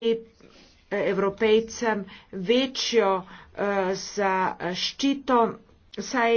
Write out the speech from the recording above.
Eh, evropejcem večjo eh, zaščito saj